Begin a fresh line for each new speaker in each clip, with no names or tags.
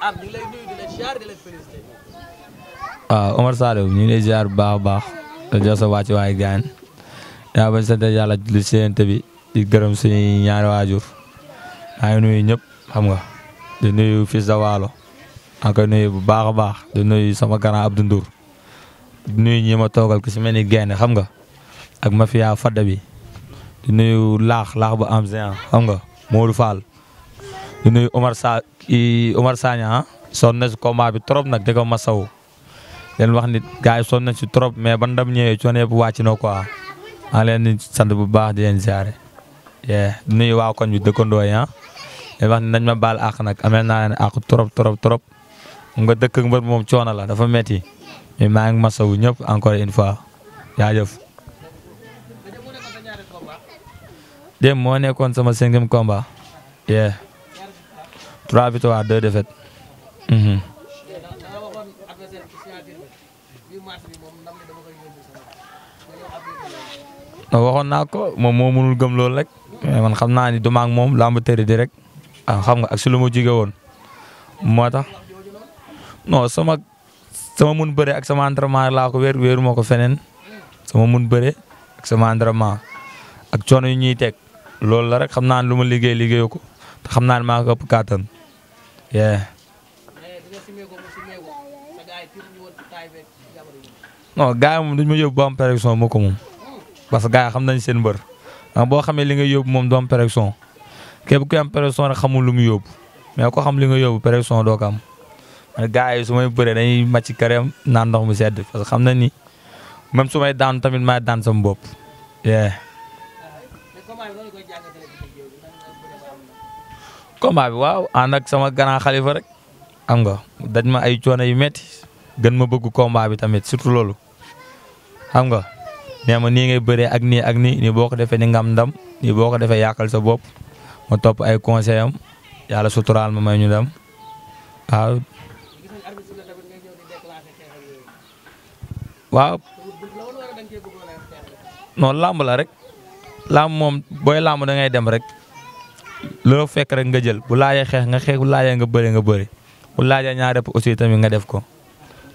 am ah, ñu ngi lay nuyu di la ziar
ñu ngi lay ziar bu baax a baax di jox sa wàcc waay gaan yaa bañ sant yàlla lu séente bi di gërëm suñuy ñaari waajur maa ngi nuyu ñëpp xam nga di nuyu fils de Waalo maa ngi koy bu baax a baax di nuyu sama grand Abdou Ndour di nuyu ñi ma toogal ku si mel ni Gaynde xam nga ak mafia fadda bi di nuyu laax laax bu am xam nga Modou Fall di nuyu Omar Sa Omar Sagna ah. sonn na si combat bi trop nag di ko masawu leen wax nit gars yi na si trop mais ba ndam ñëwee coono yëpp wàcc na ko leen di sant bu baax di leen waa koñ bi dëkkandoo ah leen wax ne nañ ma baal àq nag amee naa leen àq trop trop trop nga dëkk mbër moom coono la dafa metti mais maa ngi masawu ñëpp encore une fois jaajëf. démb moo nekkoon sama cinquième combat. 3 victoires 2 défaites. Mhm. waxoon naa ko moom moo mënul gëm loolu rek man xam naa ni du moom làmb tëri di rek ah, xam nga ak si lu ma jóge woon moo tax non sama sama mun bëre ak sama entraînement laa ko weer wéeru ma ko feneen sama mun bëre ak sama entraînement ak coono yi ñuy teg loolu la rek xam naa ne lu ma liggéey liggéeyu ko te xam naa ne maa ko Yeah. non gars yi moom duñ ma yóbbu ba am pression moo ko moom parce que gars yi xam nañ seen mbër ah, boo xamee li nga yóbbu moom du am pression képp am pression rek xamul lu mu yóbbu mais ko xam li nga yóbbu pression doo ko am gars yi su may bëree dañuy màcc këram naan ndox mu sedd parce que xam nañ ni même su may daan tamit maay daan sama bopp combat bi waaw ànd ak sama grand xalifa rek am nga daj ma ay coono yu metti gën ma bëgg combat bi tamit surtout loolu xam nga nee ma nii ngay bëree ak nii ak nii nii boo ko defee ni nga am ndam nii boo ko defee yàqal sa bopp ma topp ay conseil am yàlla suturaal ma may ñu dem waaw. waaw non làmb la rek làmb moom booy làmb na ngay dem rek. loo fekk rek nga jël bu laajee xeex nga xeex bu laajee nga bëri nga bëri bu laajee ñaar rep aussi tamit nga def ko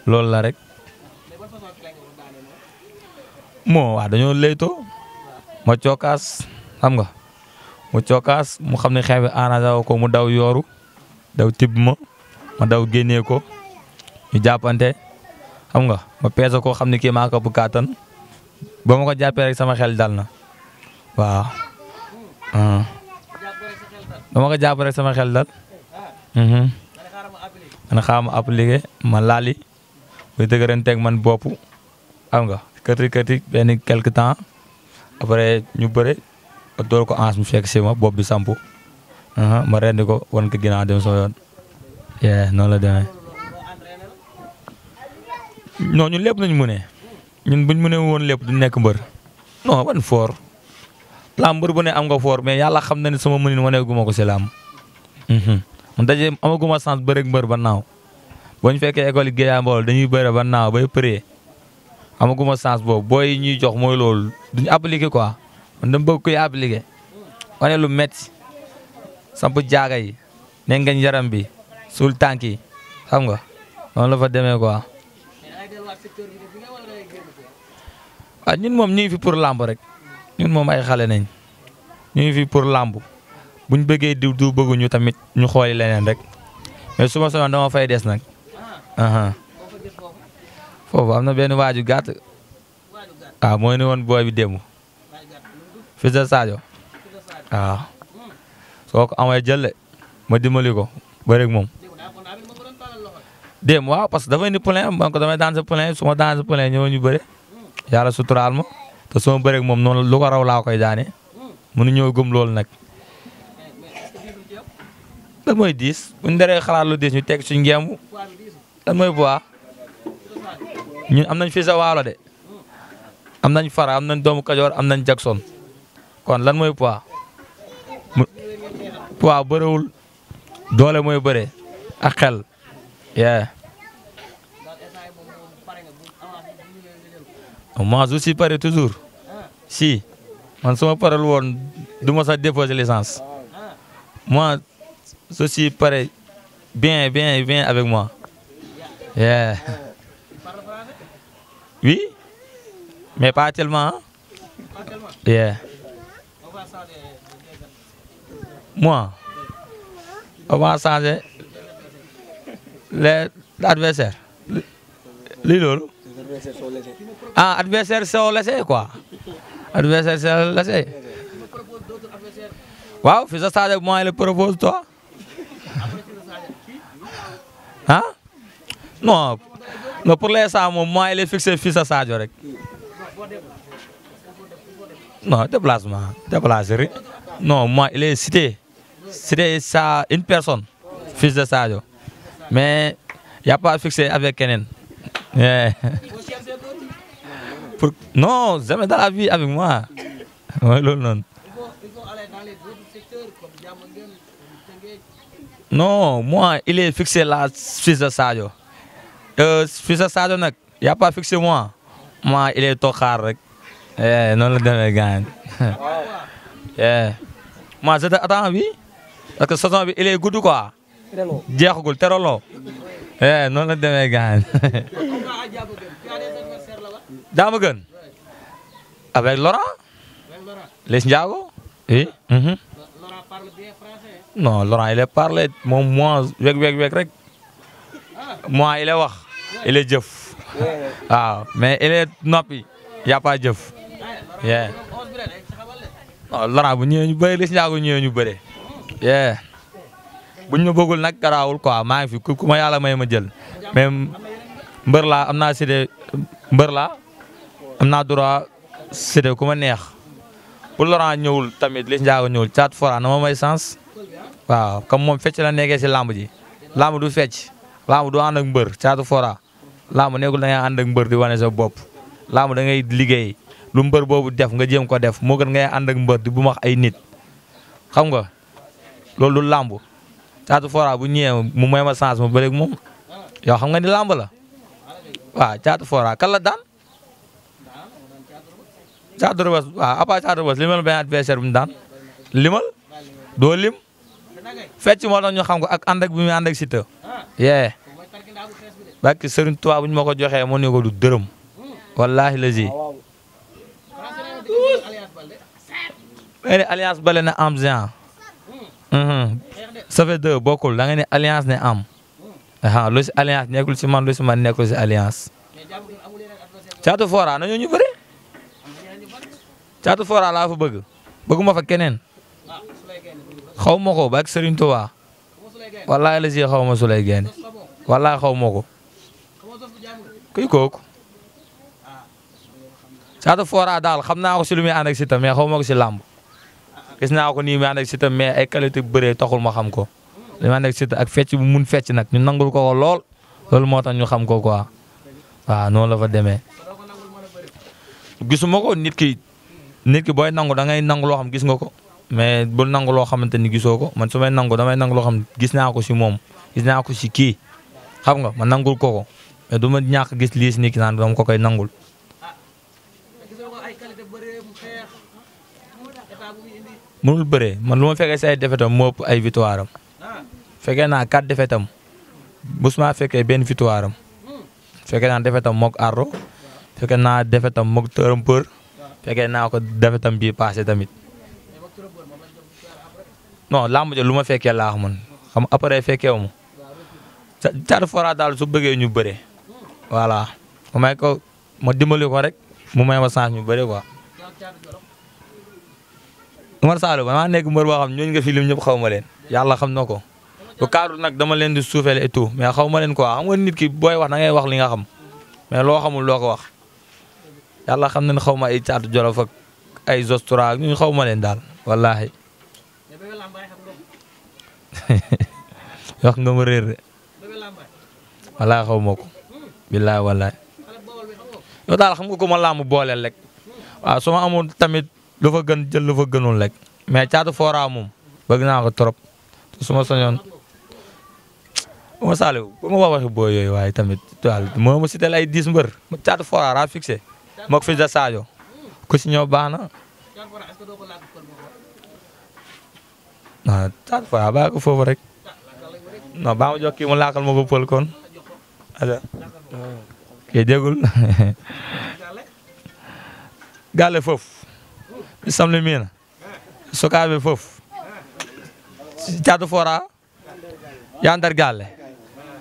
loolu la rek. moo waaw dañoo laytoo ma cokaas xam nga mu cokaas mu xam ne xeex bi arrangé ko mu daw yooru daw tibb ma ma daw génnee ko ñu jàppante xam nga ma peese ko xam ne kii maa ko bu kàttan ba ma ko jàppee rek sama xel dal na waaw. dama ko jàpp rek sama xel dal man mhm. xaaral ma appliqué ma laali muy dëgëranteeg man bopp xam nga këti këti benn quelque temps après ñu bëre door ko ans mu fekk si ma bopp bi sampu mhm, ma rendi ko wan ko ginnaaw dem sama yoon yeah noonu la demee non ñun lépp nañ ñun buñ mënee woon lépp du nekk mbër non wan foor laam mbër bu ne am nga foor mais yàlla xam na ne sama mënin waneeguma ko si laam. Mhm. mu daje amaguma sens bëreeg mbër ba naaw boo ñu fekkee école yi Géeya Mbool dañuy bëre ba naaw bay përee amaguma sens boobu booy ñuy jox mooy loolu duñu appliqué quoi man dama bëgg koy appliqué. wane lu métti samp jaaga yi ne ngañ yaram bi suul tànk yi xam nga noonu la fa demee quoi. ah ñun moom ñu ngi fi pour làmb rek ñun moom ay xale nañ ñu ngi fi pour làmb bu ñu bëggee diw du bëgguñu tamit ñu xooli leneen rek mais suma ma dama fay des nag. foofu am na benn waaju gàtt waaw ah, mooy ni woon booy bi démb fils de Sadio waaw ah. soo ko amee jëlle ma dimbali ko ba rek moom. que dafay ni plein ko damay daan sa plein su ma daan sa plein ñëw ñu bëre yàlla suturaal ma te su ma moom noonu lu laa koy daane. ñëw gëm loolu nag. lan mooy diis buñ daree xalaat lu diis ñu teg suñ ngemb lan mooy poids ñu am nañ fii sa waalo de am nañ fara am nañ doomu kajoor am nañ Jackson kon lan mooy poids poids bëriwul doole mooy bëre ak xel yee moi je suis paré toujours si man su ma paral woon du ma sax déposer licence moi je suis pare bien bien bien avec moi yeah. oui mais pas tellement yeah. moi on va changer les adversaires li loolu ah adversaire soo lese quoi adversaire soo lese waaw Fils de Sadio moi il propose toi ah non non pour l'instant moom moi il est fixé Fils de Sadio rek non déplacement déplacé non moi il est cité cité une personne Fils de Sadio mais pas fixé avec keneen. Ouais. Non, jamais dans la vie um avec moi. mooy loolu non moi il est fixé là fils de Sadio. fils nag y' a pas fixé moi. moi il est toog xaar rek. noonu la demee gaañ. moi j' étais attend bi parce que saison bi il est gudd quoi. jeexagul terolo. noonu la demee gaañ. daa ma gën avec Laurent les Ndiago oui. Mhm. non Laurent il est parlé moom moi weg weg rek moi il est wax il est jëf ah, mais noppi y pas jëf yeah non Laurent bu ñëwee ñu bëre les Ndiago ñëwee ñu bëre yeah buñ ma bëggul nag garaawul quoi maa ngi fi ku ma yàlla may ma jël mbër laa am na cité mbër laa am naa droit cité ku neex bu Laurent ñëwul tamit li Ndiago ñëwul caat fora na ma may sens waaw comme moom fecc la nekkee si làmb ji làmb du fecc lamb du ànd ak mbër caatu fora làmb nekkul da ngay ànd ak mbër di wane sa bopp lamb da ngay liggéey lu mbër boobu def nga jéem ko def moo gën ngay ànd ak mbër di bu max ay nit xam nga loolu du làmb caatu fora bu ñëwee mu may ma sens ma bëreeg moom yow xam nga ni làmb la. waaw caatu fora kan la daan caatu rëbës waaw apa caatu rëbës limal benn adversaire bu ñu daan limal doo lim moo tax ñu xam ko ak ànd bi muy ànd ak yee barki Serigne Touba bu ñu ma ko joxe mu ne ko du dërëm wallaahi lazi da nga ne alliance bale na am géant mhm. ça fait deux bokkul da nga ne alliance ne am waaw si alliance nekkul si man lu si man nekkul si alliance. caatu fora nañu ñu bëri caatu fora laa fa bëgg bëgguma fa keneen xaw ma ko ba ak Serigne Touba wallaahi la si xaw ma su lay génne wallaahi ko kuy kooku. caatu daal xam naa ko si lu muy ànd ak si tam mais xaw ma ko si làmb gis naa ko nii muy ànd ak mais ay qualité bu bëree taxul ma xam ko. li ma nekk Siteu ak fecc bu mun fecc nag ñu nangul ko ko lool moo tax ñu xam ko quoi waaw noonu la fa demee. gisuma ko nit ki nit ki booy nangu da ngay nangu loo xam gis nga ko mais bul nangu loo xamante ni gisoo ko man su may damay nangu loo xam gis naa ko si moom gis naa ko si kii xam nga ma nangul ko ko mais du ma ñàkk gis lii si nit ki naan dama ko koy nangul. mënul lu ma fekkee si ay defetam moo ëpp ay victoire fekkee naa quatre défaites am mosuma fekkee benn victoire am fekkee naa défaite am moog Ardo fekkee naa défaite am moog Tërëmpër fekkee naa ko défaite am bii passé tamit non làmb ja lu ma fekkee laa man xam après fekkee wu ma Caatu daal su bëggee ñu bëre voilà ma may ko ma dimbali ko rek mu may ma chance ñu bëre quoi. Umar Saloum maa nekk mbër boo xam ñooñu nga fi ñëpp xaw ma leen yàlla xam na ko. bu kaarul nag dama leen di suufeel et tout mais xaw ma leen quoi xam nga nit ki booy wax da ngay wax li nga xam mais loo xamul loo ko wax yàlla xam nañ xaw ma ay caatu jolof ak ay zostura ak ñun xaw ma leen daal wallaahi. wax nga ma réer de wallaahi billaahi wallaahi yow daal xam nga ko ma laamu booleel rek waaw su ma tamit lu fa gën jël lu fa gënul rek mais caatu fooraa moom bëgg naa ko trop ma Saliou bu ma moo ma cité ay dix mbër ma caatu raa fixé ma ko fi da Sadio ku si ñëw na. non caatu fora baa foofu rek non baa ma mu laakal ma ko kon alors kii déggul foofu samli miina sokaabe foofu caatu fora yaa ndar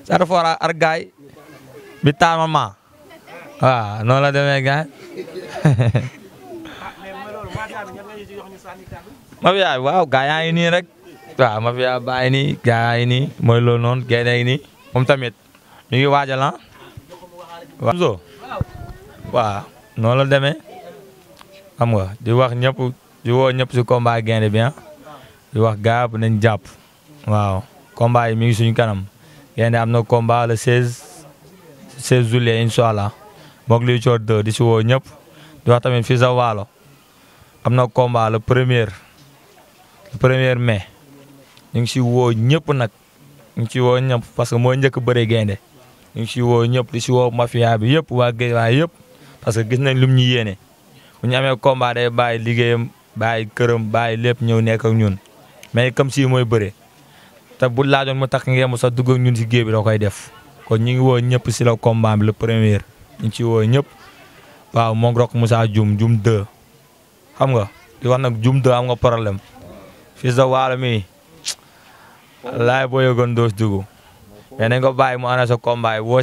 sar fora ar gaay bi taama ma waaw la demee gaay mafia waaw gaay yaa ngi nii rek waaw mafia bàyyi nii gaay yaa ngi nii mooy loolu noonu moom tamit mi ngi waajal ah waaw waaw la demee xam nga di wax ñëpp di woo ñëpp si combat gaynde bi ah. di wax gaay nañ jàpp waaw combat yi mi ngi suñu kanam Gaynde am na combat le 16 16 juillet incha allah moog luy coor 2 di si woo ñëpp di wax tamit fii sa waalo am na combat le premier le premier mai ñu ngi si woo ñëpp nag ñu ngi si woo ñëpp parce que moo njëkk bëre gaynde ñu ngi si woo ñëpp di si woo mafia bi yëpp waa géej waa yëpp parce que gis nañ lum ñu yéene bu ñu amee combat day bàyyi liggéeyam bàyyi këram bàyyi lépp ñëw nekk ak ñun mais comme si mooy bëre. te bu laajoon mu takk ngeen mu sax dugg ñun si géej bi koy def kon ñu ngi woo ñëpp si la premier ñu ci woo ñëpp waaw moom Rock Moussa Dioum Dioum 2 xam nga di wax nag Dioum 2 am nga problème fils de mi laay boo yëgoon doos dugg mais nañ ko bàyyi mu ana sa combat yi woo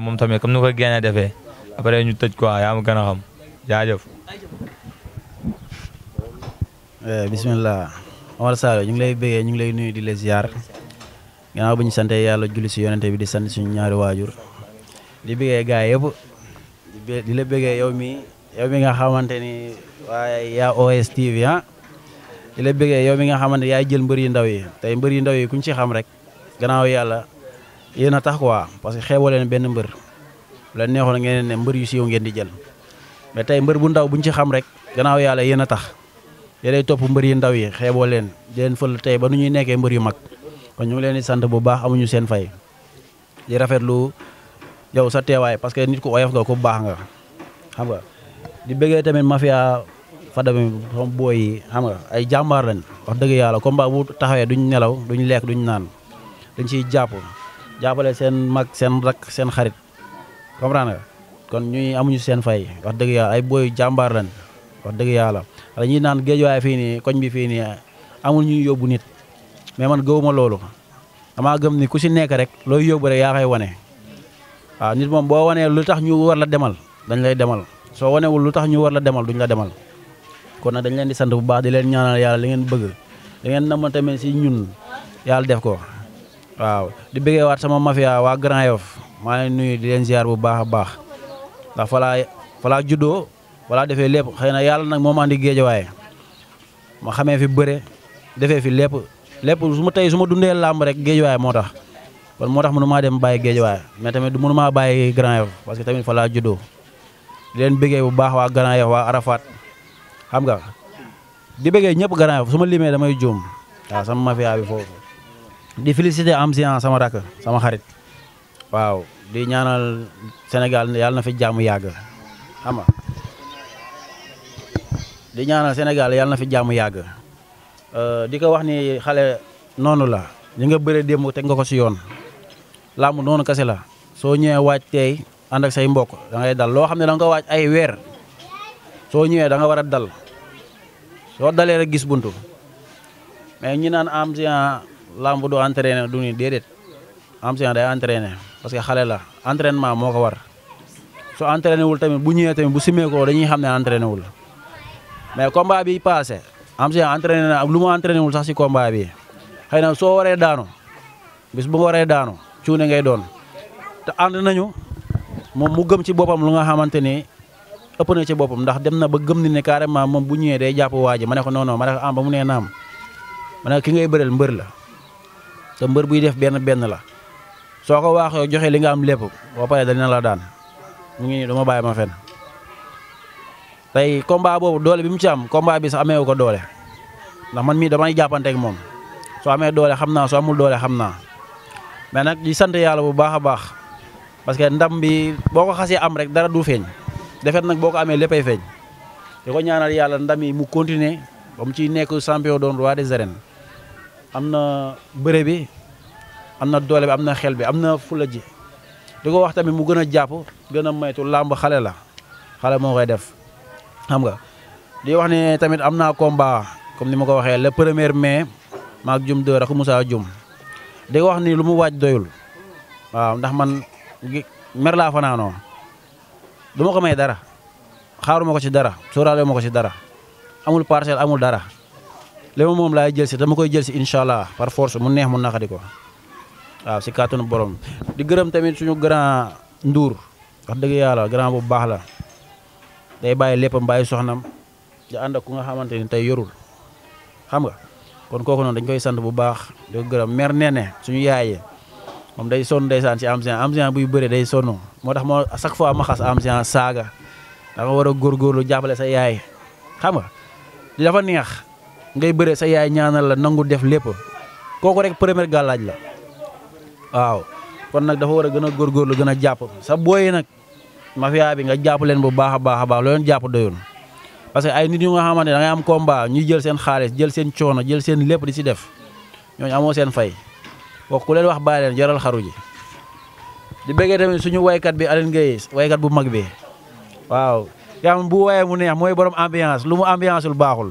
moom tamit comme ni ko génnee defee après ñu tëj ko yaa ma gën a xam jaajëf.
Eh, bisimilah ñu ngi lay bëggee ñu ngi lay nuyu di la ziar. gannaaw bi ñu sante yàlla julli si yonente bi di sant suñu ñaari waajur di bëggee gaay yëpp di la bëggee yow mi yow mi nga xamante ni waaye yaa OS TV ah di la bëggee yow mi nga xamante yaay jël mbër yu ndaw yi tey mbër yu ndaw yi kuñ ci xam rek gannaaw yàlla yéen a tax quoi parce que xeeboo leen benn mbër la neexoon ngeen ne mbër yu siiw ngeen di jël tey mbër bu ndaw buñ ci xam rek gannaaw yàlla yéen a tax yéenay topp mbër yu ndaw yi xeeboo leen di leen fël tey ba nu ñuy nekkee mbër yu mag kon ñu leen di sant bu baax amuñu seen fay di rafet lu yow sa teewaay parce que nit ku oyof nga ku baax nga xam nga di bëggee tamit mafia fada bi sama booy yi ay jàmbaar lañ wax dëgg yàlla combat bu taxawee duñ nelaw duñ lekk duñ naan dañ ciy jàpp jàppale seen mag seen rak seen xarit comprendre nga kon ñuy amuñu seen fay wax dëgg yàlla ay booy jàmbaar lañ wax dëgg yàlla wala ñuy naan géej waaye koñ bi fii nii amul ñuy yóbbu nit mais man gawuma loolu damaa gëm ni ku si nekk rek looy yóbbu yaa koy wane waaw nit moom boo wanee lu tax ñu war la demal dañ lay demal soo wanewul lu tax ñu war la demal duñ la demal kon nag dañ leen di sant bu baax di leen ñaanal yàlla li ngeen bëgg li ngeen namoon tamit si ñun yàlla def ko waaw di bëggee waat sama mafia waa Grand maa ngi nuyu di leen ziar bu baax a baax ndax falaa falaa juddoo falaa defee lépp xëy na yàlla nag moo ma di géejawaay ma xamee fi lépp su ma tey suma dundee làmb rek géejuwaay moo tax kon moo tax mënu maa dem bàyyi géejuwaay mais tamit mënu maa bàyyi Grand Yoff parce que tamit falaa laa juddoo di leen bëggee bu baax waa Grand Yoff waa Arafat xam nga di bëggee ñëpp Grand Yoff ma limee damay juum waaw sama mafia bi foofu di féliciter am sama rakk sama xarit waaw di ñaanal Sénégal yàlla na fi jàmm yàgg xam nga na fi jàmm yàgg Euh, di ko wax ni xale noonu la ñi nga bëre démb teg nga ko si yoon làmb noonu kese la soo ñëwee waaj tey ànd ak say mbokk da dal loo xam ne danga ko waaj ay weer soo ñëwee da nga war a dal soo dalee rek gis buntu mais ñi naan am si làmb du entraîné du ni déedéet am si day entraîné parce que xale la entraînement moo ko war su entraîné wul tamit bu ñëwee tamit bu simee dañuy xam ne entraîné wul mais combat bi passé am si entraîné na lu ma entraîné wul sax si combat bi xëy na soo waree daanu bis bu nga waree daanu cuune ngay doon te ànd nañu moom mu gëm ci boppam lu nga xamante ni ëpp na ci boppam ndax dem na ba gëm ni ne carrément moom bu ñëwee day jàpp waa ji ma ne ko non non ma ne ko am ah, ba mu nee naam ma ne ko ki ngay bëreel mbër la te mbër buy def benn benn la soo ko waaxee joxe li nga am lépp ba pare dana la daan mu ngi nii dama bàyyi ma fen tey combat boobu doole bi mu ci am combat bi sax ameewu ko doole ndax man mii damay jàppante moom soo amee doole xam naa soo amul doole xam naa mais nag di sant yàlla bu baax a baax parce que ndam bi boo ko am rek dara du feeñ defet nag boo ko amee léppay feeñ di ko ñaanal yàlla ndam yi mu continuer ba mu ciy nekk champion doon roi des arènes am na bëre bi am na doole bi am na xel bi am na fula ji di ko wax tamit mu gën a jàpp gën a maytu làmb xale la xale moo koy def xam nga di wax ne tamit am naa combat comme ni ma ko waxee le premier mai maak Jum deux ak Moussa Jum di wax ni lu mu waaj doyul waaw ndax man mer laa fanaanoo du ma ko may dara ma ko ci dara sóoraale ma ko ci dara amul parcelle amul dara li ma moom laay jël si dama koy jël si incha allah par force mu neex mu naqari ko waaw si kàttanu borom di gërëm tamit suñu grand Ndour wax dëgg yàlla grand bu baax la. day bàyyi léppam bàyyi soxnam di ànd ak ku nga xamante ni tey yorul xam nga kon kooku noonu dañ koy sant bu baax di ko gërëm mère Nene suñu yaayee moom day sonn ndeysaan ci Amzian Amzian buy bëre day sonn moo tax moo chaque fois ma xas Amzian saaga da nga war a góorgóorlu jàppale sa yaay xam nga li dafa neex ngay bëre sa yaay ñaanal la nangu def lépp kooku rek première gàllaaj la waaw kon nag dafa war a gën a góorgóorlu gën a jàpp sa booy nag. mafia bi nga jàpp leen bu baax a baax a baax loo leen jàpp doyoon parce que ay nit yu nga xamante ne da ngay am combat ñuy jël seen xaalis jël seen coono jël seen lépp di si def ñooñu amoo seen fay wax ku leen wax bàyyi leen jaral xaru ji. di bëggee tamit suñu waykat bi Alioune Gueye waykat bu mag bi waaw yaa bu wayee mu neex mooy borom ambiance lu mu ambiance lu baaxul.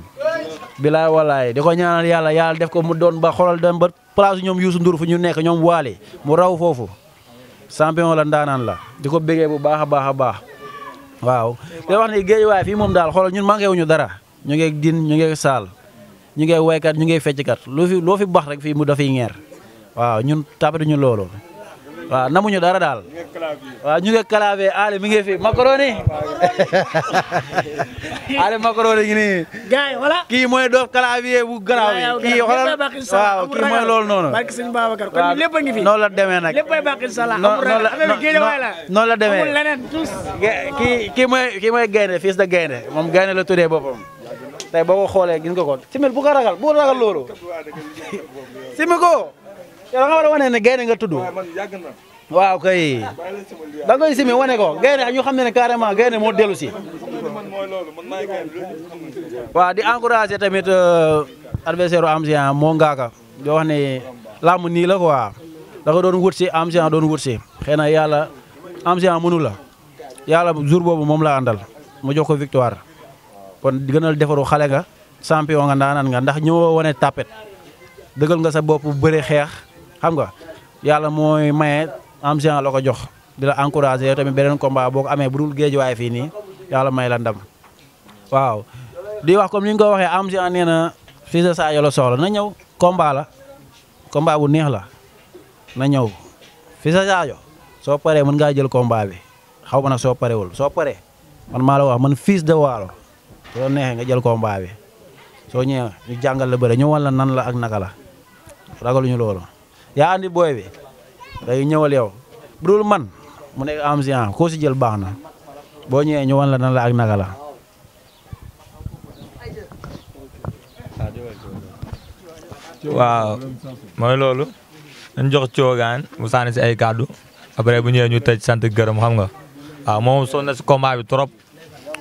bilaay wallaay di ko ñaanal yàlla yàlla def ko mu doon ba xoolal doon ba place ñoom Youssou Ndour fu ñu nekk ñoom waale mu raw foofu. champion la ndaanaan la di ko bégee bu baax a baax a baax waaw te wax ni géej waaye fii moom daal xoolal ñun manqué wuñu dara ñu ngi din ñu ngi saal ñu ngi waykat ñu ngi fecckat lu fi loo fi bax rek fii mu dafay ñeer waaw ñun tapatuñu loolu waa na namuñu dara daal waaw ñu ngi clavier Ali mi ngi fi macaroni Ali ngi nii kii mooy doof clavier bu garaaw yi kii xoolal waaw kii mooy loolu noonu barke sëñ Babacar kon lépp a ngi fi noonu la demee nag léppay baax inshallah amul la demee amul kii kii mooy kii mooy gaynde fils de gaynde moom gaynde la tuddee boppam tey boo ko xoolee gis nga ko simil bu ko ragal ragal loolu
simi ko
yow war a wane ne gaynde nga tudd. waaw kay da ngay simi wane gaynde ñu xam ne ne carrément gaynde moo dellu si. waaw di encouragé tamit euh, adversaire am Amzian moo ngaaka yoo wax ne làmb nii la quoi da doon wut si Amzian doon wut si xëy na yàlla Amzian mënu la yàlla jour boobu moom la àndal mu jox ko victoire kon gënal defaru xale nga champion nga nga ndax ñëw wane tapet dëggal nga sa bopp bëre xeex. xam nga yàlla mooy maye am chance la ko jox di la encouragé yow tamit beneen combat boo ko amee bu dul géej waaye fii nii yàlla may la ndam waaw di wax comme ni nga ko waxee am chance nee na fii sa Sadio la soxla na ñëw combat la combat bu neex la na ñëw fii sa Sadio soo paree mën ngaa jël combat bi xaw ma nag soo parewul soo paree man maa la wax man fiis de Waalo soo neexee nga jël combat bi soo ñëwee ñu jàngal la bëre ñu wan nan la ak naka la ragaluñu loolu. yaa andi booy bi day ñëwal yow bu man mu nekk am si koo si jël baax na boo ñëwee ñu wan la nan la ak la.
waaw mooy loolu dañ jox coogaan mu sànni si ay kàddu après bu ñëwee ñu tëj sant gërëm xam nga waaw moom sonn na si combat bi trop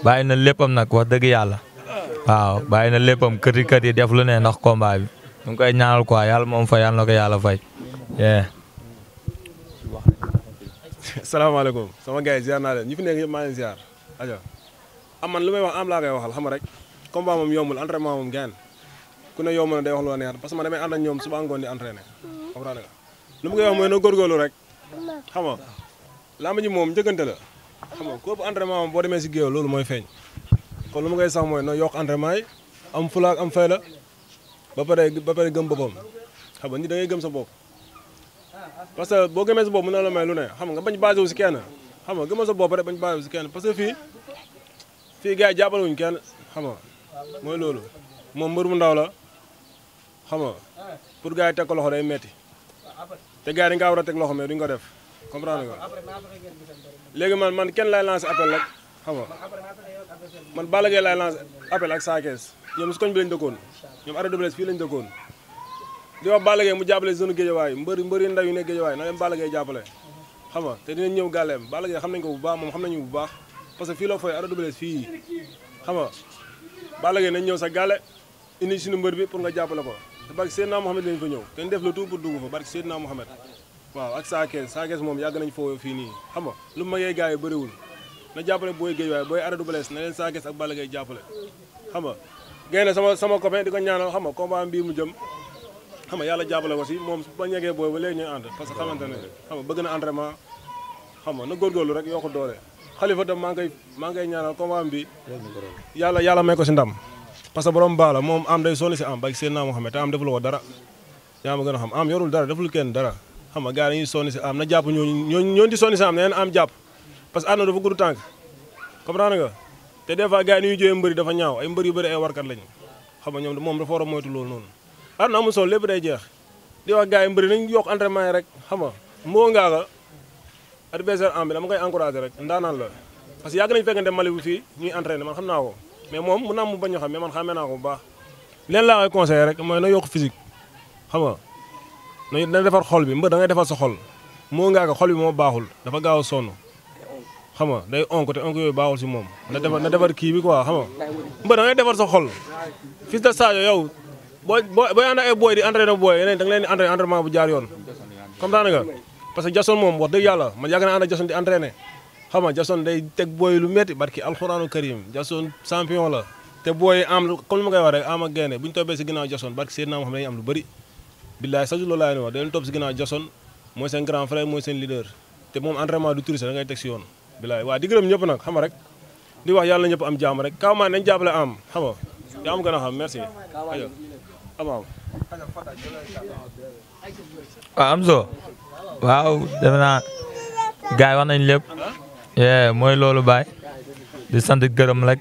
bàyyi na léppam nag wax dëgg yàlla waaw bàyyi na léppam kër yi kër yi def lu ne ndax combat bi ñu ngi koy ñaanal quoi yàlla moom fa yàlla na ko fay.
salaamaaleykum sama gars yi ziar naa leen ñi fi nekk yëpp maa leen aja am man lu may wax am laa koy waxal xam rek combat moom yombul entraînement moom gaan ku ne yomb na day wax lu neex parce que man damay ñoom suba ngoon di entraîné comprendre nga lu mu koy wax mooy na góorgóorlu rek xam nga ma ji moom njëkkante la xam nga kooku entraînement moom boo demee si géew loolu mooy feeñ kon lu ma koy sax mooy na yokk entraînement yi am fulaak am fay la ba pare ba pare gëm boppam xam nga nit da gëm sa bopp parce que boo gëmee sa bopp mën na la may lu ne xam nga bañ basé wu si kenn xam nga gëmal sa bopp rek bañ basé wu si kenn parce fii fii gars yi jàppale wuñ kenn xam nga mooy loolu moom mbër mu ndaw la xam nga pour gars yi teg ko loxo day metti te gars yi dañ kaa war a teg loxo mais duñ ko def comprendre nga léegi man man kenn laay lancer appel rek xam nga man Balla Gaye laay lancer appel ak Sa Thiès ñoom su koñ bi lañ dëkkoon ñoom arrêt de fii lañ dëkkoon di wax Balla Gaye mu jàppale zone Guédiawaye mbëri mbëri ndaw yu ne Guédiawaye na leen Balla jàppale xam nga te dinañ ñëw gàlleem Balla xam nañ ko bu baax moom xam nañu bu baax parce que fii la fooy ara dubalees fii xam nga Balla Gaye nañ ñëw sa gàlle indi suñu mbër bi pour nga jàppale ko te barki Seydina Mohamed lañ fa ñëw te ñu def le tout pour dugg fa barki Seydina Mohamed waaw ak saa kees moom yàgg nañ foo fii nii xam nga lu magee gars yi bëriwul na jàppale booy Guédiawaye booy ara dubalees na leen saa kees ak Balla Gaye jàppale xam nga gay sama sama copain di xam nga combat bii mu jëm xam nga yàlla jàppale ko si moom ba ñegee booy ba léegi ñuy ànd parce que xamante ne xam nga bëgg na entraînement xam nga na góorgóorlu rek yokk doole xalifa dem maa ngay maa ngay ñaanal combat bi yàlla yàlla ko si ndam parce que borom baa la moom am day sonni xam ne te am deful ko dara yaa ma xam am yorul dara deful am na jàpp ñooñu ñooñu di sonni si am neen am jàpp parce que dafa gudd tànk comprendre nga te des fois yi ni ñuy jógee mbëri dafa ñaaw ay mbëri yu bëri ay warkat lañu xam nga ñoom dafa war a moytu loolu noonu àdduna ah, amul solo lépp day jeex di wax gars na mbëri nañ yokk entraînement yi rek xam nga moo ngaa ko adversaire am bi dama koy encouragé rek ndaanaan la parce que yàgg nañu fekkante Mali bu fii ñuy entraîné man xam naa ko mais moom mun naa mu bañ a xam mais man xamee naa ko bu baax leen laa koy conseillé rek mooy na yokk physique xam nga na na defar xol bi mbër da ngay defar sa xol moo ngaa xol bi moo baaxul dafa gaaw a sonn xam nga day onk te onk yooyu si moom na defar na defar kii bi quoi xam nga mbër da ngay defar sa xol fils de Sadio yow boo boo booy ànd ay booy di entraîné booy yeneen da nga leen di entraîné entraînement bu jaar yoon comprendre moom wax dëgg yàlla man yàgg naa ànd ak Jason xam booy lu metti barki alxuraanu karim Jason champion la te booy am comme li ma koy wax rek am ak gaynde bu ñu toppee si ginnaaw Jason barki Seydina Muhammad dañuy mooy seen grand frère mooy seen leader te moom entraînement si yoon billaay waa di gërëm ñëpp nag xam nga wax yàlla ñëpp am jaam rek kaw maa nañ jàppale am xam yaa am gën a xam merci waaw
Amzo ah, waaw defe naa gars yi wax nañ lépp mooy loolu baay di sant gërëm rek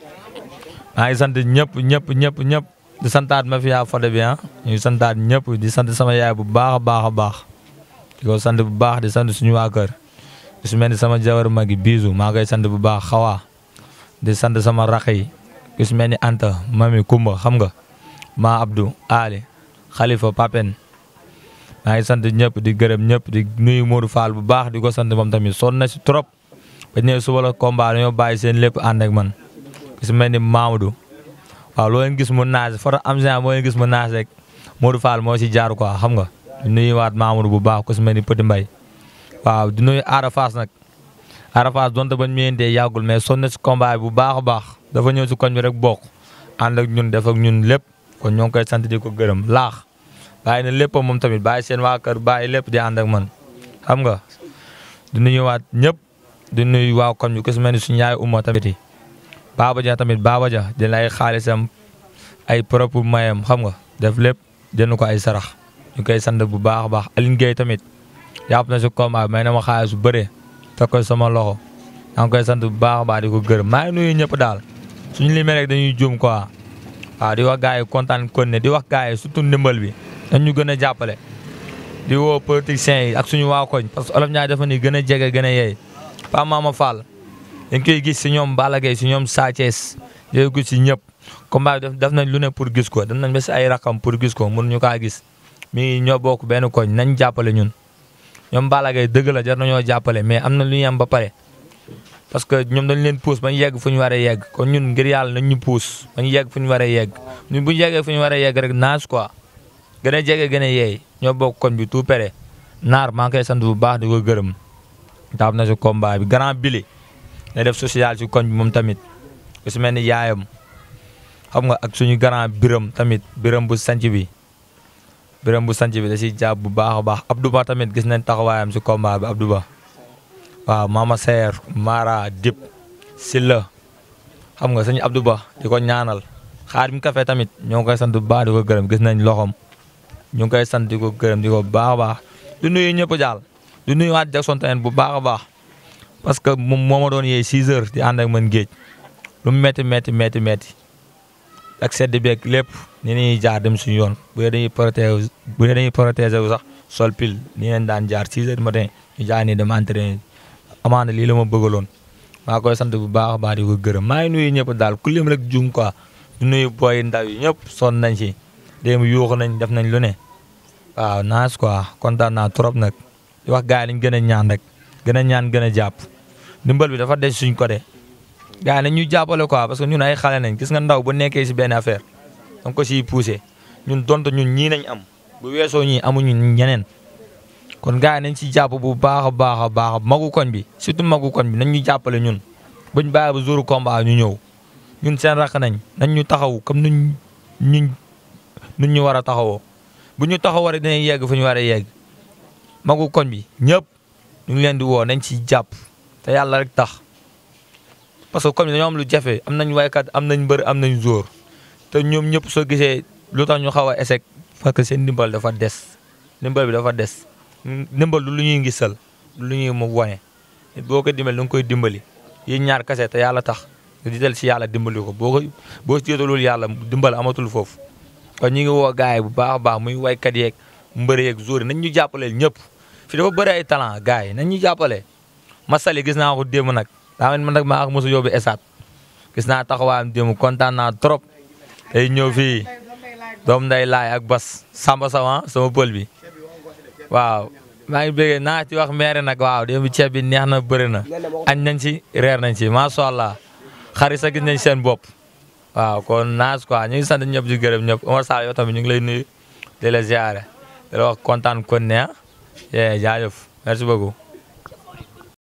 maa ngi sant ñëpp ñëpp ñëpp ñëpp di santaat ma fi yaa Fodé bi ah ñu santaat ñëpp di sant sama yaay bu baax a baax a baax di ko sant bu baax di sant suñu waa kër su mel ni sama jabar magi biisu maa koy sant bu baax xawaa di sant sama rax yi ku su mel ni Anta mami Kumba xam nga ma Abdou Ali Khalifa Papen maa ngi sant ñëpp di gërëm ñëpp di nuyu Modou Fall bu baax di ko sant moom tamit sonn na si trop ba ñëwee suba la combat dañoo bàyyi seen lépp ànd ak man su mel ni Mamadou waaw loo leen gis mu naaj foto am genre moo leen gis mu naaj rek Modou Fall moo si jaar quoi xam nga di nuyuwaat Mamadou bu baax ku si mel ni Petit Mbaye waaw di nuyu Ada Fass nag Ada Fass donte ba ñu yéentee yàggul mais sonn na si combat bu baax a baax dafa ñëw si koñ rek bokk ànd ak def ak lépp. kon ñoo ngi koy sant di ko gërëm laax bàyyi na lépp moom tamit bàyyi seen waa kër bàyyi lépp di ànd ak man xam nga di nuyuwaat ñëpp di nuyu waa koñ ñu ku si mel ni su yaay umma tamit Baba ja tamit Baba Dia di lay xaalisam ay propre mayam xam nga def lépp jënd ko ay sarax ñu koy sant bu baax a baax Aline tamit yàpp na si combat may na ma xaalis su bëree teg ko sama loxo maa ngi koy sant bu baax a baax di ko gërëm maa ngi nuyu ñëpp daal suñu limee rek dañuy juum quoi. waaw di wax gars kontaan kon ne di wax gars yi surtout ndimbal bi dañ ñu gën a jàppale di woo politiciens yi ak suñu waa koñ parce que olof ñaa dafa ni gën a jege gën a yeey Pape Mama Fall dañ koy gis si ñoom Balla Gaye si ñoom Sa Thiès gis si ñëpp combat bi def nañ lu ne pour gis ko def nañ ba si ay rakam pour gis ko mënuñu kaa gis mi ñoo bokk benn koñ nañ jàppale ñun ñoom Balla Gaye dëgg la jar nañoo jàppale mais am na lu ñu am ba pare parce que ñoom dañ leen puus ba ñu yegg fu ñu waree yegg kon ñun ngir yàlla ñu puus ba ñu fu ñu waree yegg ñun bu ñu yeggee fu ñu waree yegg rek naas quoi gën a jege gën a yeey ñoo bokk koñ bi tout pere naar maa ngi koy sant bu baax di ko gërëm daaf na si combat bi grand bili na def social si koñ bi moom tamit ku si mel ni yaayam xam nga ak suñu grand birëm tamit biram bu sanc bi biram bu sanc bi da siy jàpp bu baax a baax du Ba tamit gis nañ taxawaayam si combat bi Abdou Ba waaw Mama Seer Mara Dip Silla xam nga sëñ Abdou Ba di ko ñaanal Xaadim kafe tamit ñoo ngi koy sant bu baax di ko gërëm gis nañ loxoom ñu ngi koy sant di ko gërëm di ko baax baa baax du nuyu ñëpp daal du nuyu waat Jackson tamit bu baax a baax parce que moom moo ma doon yee 6 heures di ànd ak man géej lu mu métti métti métti métti ak sedd beeg lépp ni ñuy jaar dem suñu yoon bu dee dañuy protéger bu dee wu sax sol pile ni leen daan jaar 6 heures du matin ñu jaar ni dem entraîner amaana lii la ma bëggaloon maa koy sant bu baax a baax di ko gërëm maa ngi nuyu ñëpp daal ku lim rek jum quoi di nuyu booy ndaw yi ñëpp sonn nañ si démb yuuxu nañ def nañ lu ne waaw naas quoi kontaan naa trop nag di wax gars yi gën a ñaan rek gën a ñaan gën a jàpp ndimbal bi dafa des suñ ko de gars yi ñu jàppale ko parce que ñun ay xale nañ gis nga ndaw bu nekkee si benn affaire danga ko siy poussé ñun dont ñun ñii nañ am bu weesoo ñii amuñu ñeneen kon gaa yi nañ si jàpp bu baax a baax a baax magu koñ bi surtout magu koñ bi nañ ñu jàppale ñun bu ñu bàyyi ba jour combat ñu ñëw ñun seen rakk nañ nañ ñu taxaw comme nuñ ñu nu ñu war a taxawoo bu ñu taxaw war dinañ yegg fu ñu war a yegg magu koñ bi ñëpp ñu ngi leen di woo nañ ci jàpp te yàlla rek tax parce que koñ bi dañoo am lu jafe am nañ waykat am nañu mbër am nañu jour te ñoom ñëpp soo gisee lu tax ñu xaw a échec parce seen ndimbal dafa des ndimbal bi dafa des. dimbal lu ñuy ngisal lu ñuy mu wane boo ko dimbali da koy dimbali yéen ñaar kase te yàlla tax di dal si yàlla dimbali ko boo ko boo jiitalul yàlla dimbal amatul foofu. kon ñu ngi woo gars yi bu baax a baax muy waykat yeeg mbër yeeg jour nañ ñu jàppaleel ñëpp fi dafa bëri ay gars yi nañ ñu jàppale Massaly gis naa ko démb nag daa nag maa ak mosu yóbbu esaat gis naa taxawaayam démb kontaan naa trop ñëw fii doom nday laay ak bas Samba Sawan sama pël bi. waaw maa ngi bëggee naa ci wax maire nag waaw démb ceeb bi neex na bëri na añ nañ ci reer nañ ci macha allah xarit sa gis nañ seen bopp waaw kon naas quoi ñu ngi sant ñëpp di gërëm ñëpp Omar Sall yow tamit ñu ngi lay nuyu di la ziare di la wax kontaan kon neex ah. eh, jaajëf merci